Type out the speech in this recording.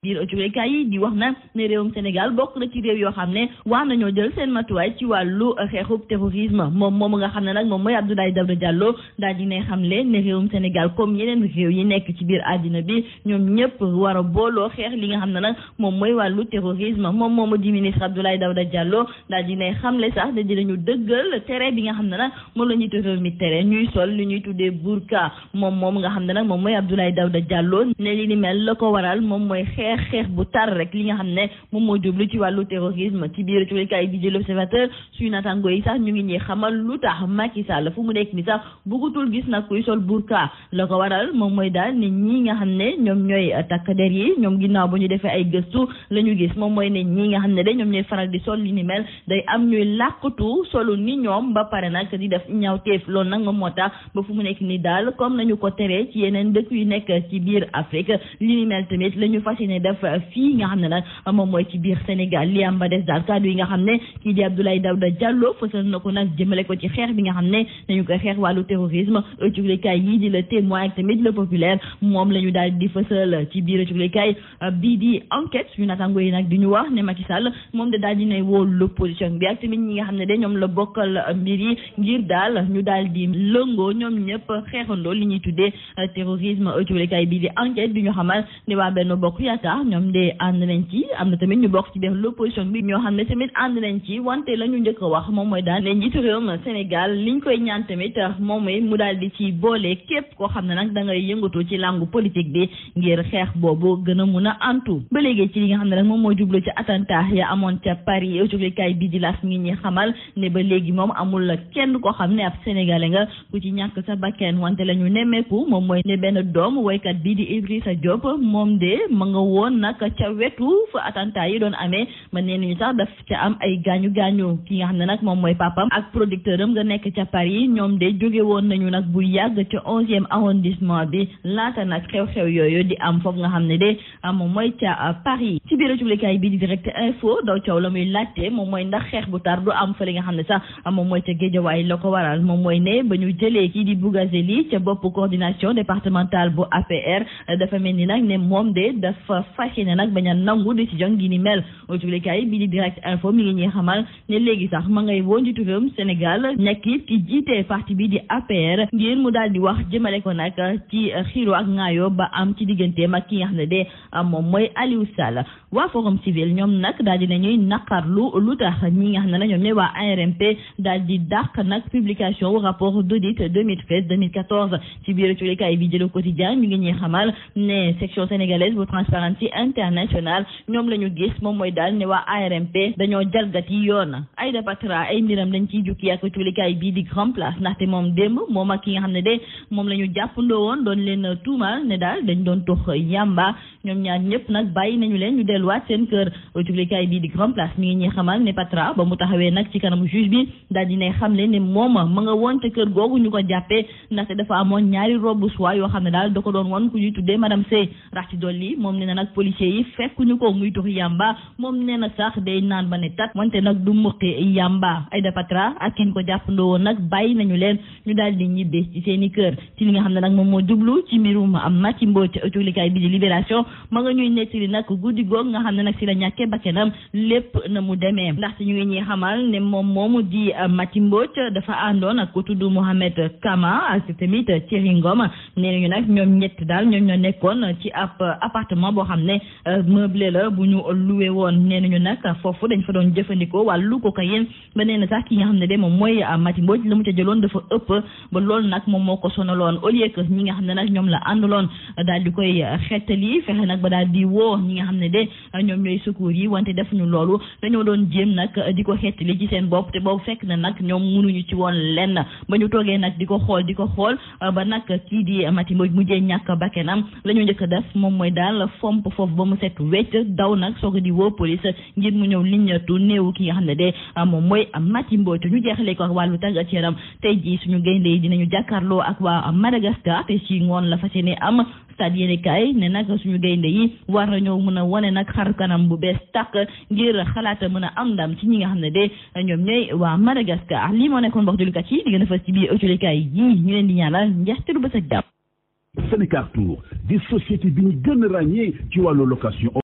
biir ëccubeekaay yi di wax na ne réewum Sénégal bokk na ci réew yoo xam ne war nañoo jël seen matuwaay ci wàllu xeexub terrorisme moom moomu nga xam ne nag moom mooy Abdoulaye Daouda Diallo daal di ne xam le ne réewum Sénégal comme yeneen réew yi nekk ci biir àddina bi ñoom ñëpp war a booloo xeex li nga xam ne nag moom mooy wàllu terrorisme moom moomu di ministre Abdoulaye Daouda Diallo daal di ne xam le sax da dinañu dëggal tere bi nga xam ne nag moom la njiitu réew mi tere ñuy sol li ñuy tuddee burka moom moomu nga xam ne nag moom mooy Abdoulaye Daouda Diallo ne li ni mel la ko waral moom mooy xeex xeex xeex bu tar rek li nga xam ne moom moo jublu ci wàllu terrorisme ci biir cuglikaay bi di l'observateur suñu natango yi sax ñu ngi ñuy xamal lu la ko waral moom mooy daal nit ñi nga xam ne ñoom ñooy takk der yi ñoom ginnaaw bu ñu defee ay la ñu gis moom mooy ne nga xam ne de ñoom ñooy faral di sol li ni mel day am ñuy làqatu solu ni ñoom ba pare nag di def ñaaw teef loolu nag moom moo tax mu nekk ni daal comme nañu ko teree ci yeneen yu nekk ci biir Afrique li ni mel tamit la ñu fas ne def euh, fii nga xam ne nag euh, moom mooy ci biir Sénégal li am ba des daal kàddu yi nga xam ne kii di Abdoulaye Daouda Diallo fësal na ko nag jëmale ko ci xeex bi nga xam ne dañu koy xeex wàllu terrorisme cuglekaay yii di le témoin ak tamit le populaire moom la ñu daal di fësal ci biir cuglekaay euh, bii di enquête suñu naataango yi nag di ñu wax ne Macky Sall moom de daal di nay woo l'opposition bi ak tamit ñi nga xam ne de ñoom la bokkal mbir yi ngir daal ñu daal di lëngoo ñoom ñëpp xeexandoo li ñuy tuddee terrorisme cuglekaay bii di enquête di ñu xamal ne sax na tamit ñu bokk ci biir l'opposition bi ñoo xam ne tamit nañ ci wante la ñu njëkk wax moom mooy daal ne njiitu réewum Sénégal koy ñaan tamit moom mooy mu daal di ci boole képp koo xam ne nag da ngay ci langue politique bi ngir xeex boobu gën a mun a antu ba léegi ci li nga xam ne nag moom mooy jublu ci attentat ya amoon ca Paris jóglekaay bi di laas ngi ñi xamal ne ba léegi moom amul la kenn koo xam ne ab sénégalais nga ku ci ñàkk sa bakkeen wante lañu nemeeku moom mooy ne benn doom woykat bi di Idrissa Diop moom de ma nga woon nag ca wetu fa attentat yi doon amee mën nee nañu sax daf ca am ay gaañu gaañu ki nga xam ne nag moom mooy papam ak producteur am nga nekk ca Paris ñoom de jóge woon nañu nag bu yàgg ca onzième arrondissement bi laata nag xew-xew yooyu di am foofu nga xam ne de ah, moom mooy ca ah, Paris ci biir publicaay bi di direct info daw coow la muy laajte moom mooy ndax xeex bu tar du am fa li nga xam ne sax ah, moom mooy ca Géejawaay la ko waral moom mooy ne ba ñu jëlee kii di Bougazeli ca bopp coordination départementale bu APR dafa mel ni nag ne moom de dafa fas yéene nag bañ a nangu décision gi ni mel jublekaay bi di direct info mi ngi ñuy xamal ne léegi sax ma ngay woo njiitu réewum Sénégal nekk it ki jiite parti bi di APR ngir mu daal di wax jëmale ko nag ci xiiro ak ŋaayoo ba am ci digganteem ak ki nga xam ne de moom mooy Aliou Sall waa forum civil ñoom nag daal di nañuy naqarlu lu lu tax ñi nga xam ne la ñoom ñooy waa ARMP daal di dàq nag publication rapport d'audit 2013 2014 ci biir jublekaay bi di Le ñu ngi ñuy xamal ne section sénégalaise bu transparence Amnesty International ñoom la ñu gis moom mooy daal ne waa ARMP dañoo jalgati yoon Aïda Patra ay mbiram dañ ciy jukki ak culikaay bii di grand place ndaxte moom démb moom ak ki nga xam ne de moom la ñu jàppandoo woon doon leen tuumal ne daal dañ doon tox yamba ñoom ñaar ñëpp nag bàyyi nañu leen ñu delluwaat seen kër culikaay bii di grand place mi ngi ñuy ne Patra ba mu taxawee nag ci kanamu juge bi daal dinay xam le ne moom ma nga woon ca googu ñu ko jàppee ndaxte dafa amoon ñaari robe soie yoo xam ne daal da ko doon woon ku ñuy tuddee madame rax ci dolli moom ne ak policiers yi fekkuñu ko muy tux yàmba moom nee na sax day naan ba ne tat wante nag du muqi yàmba Aïda Patra ak kenn ko jàppandoo woon nag bàyyi nañu leen ñu daal di ñibbi seen i kër ci li nga xam ne nag moom moo jublu ci mbirum am na ci mbóot cuglikaay bi di libération ma nga ñuy nettali nag guddi goog nga xam ne nag si la ñàkkee bakkanam lépp na mu demee ndaxte ñu ngi ñuy ne moom moomu di Mati Mbodj dafa àndoon ak ku tudd Mohamed Kama ak tamit Thierry Ngom nee nañu nag ñoom ñett daal ñoom ñoo nekkoon ci ab appartement boo xam ne euh, meublé la bu ñu loué woon nee nañu nag foofu dañ fa doon jëfandikoo ko cocaïne ba nee na sax ki nga xam ne de moom mooy euh, Mati Mbodj la mu ca jëloon dafa ëpp ba loolu nag moom moo ko sonaloon au lieu que ñi xam ne nag ñoom la àndaloon euh, daal di koy xettali fexe nag ba daal di woo ñi nga xam ne de ñoom ñooy secours yi wante defuñu loolu dañoo doon jéem nag di ko xettali ci seen bopp te boobu fekk na nag ñoom mënuñu ci woon lenn ba ñu toogee nag di ko xool di ko xool ba nag kii di Mati Mbodj mujjee ñàkk bakkenam la ñu def moom mooy daal fomp samp foofu ba mu set wecc daw nag soog di woo police ngir mu ñëw liñatu néew ki nga xam ne de ah, moom mooy Mati Mbodj ñu jeexale ko ak wàllu tàggat yaram tey jii suñu gaynde yi dinañu jàkkaarloo ak waa Madagascar te si ngoon la fas yéene am stade yéene kaay ne nag suñu gaynde yi war nañoo mën a wane nag xar kanam bu bees tàq ngir xalaata mën a am ndam ci ñi nga xam ne de ñoom ñooy waa a Madagascar lii moo nekkoon mbokk julukat yi di gën a fas ci biir ëcculikaay yi ñu leen di ñaanal njeexte lu bës ak jàmm Sénécar Tour di société bi ñu gën a ràññee ci wàllu location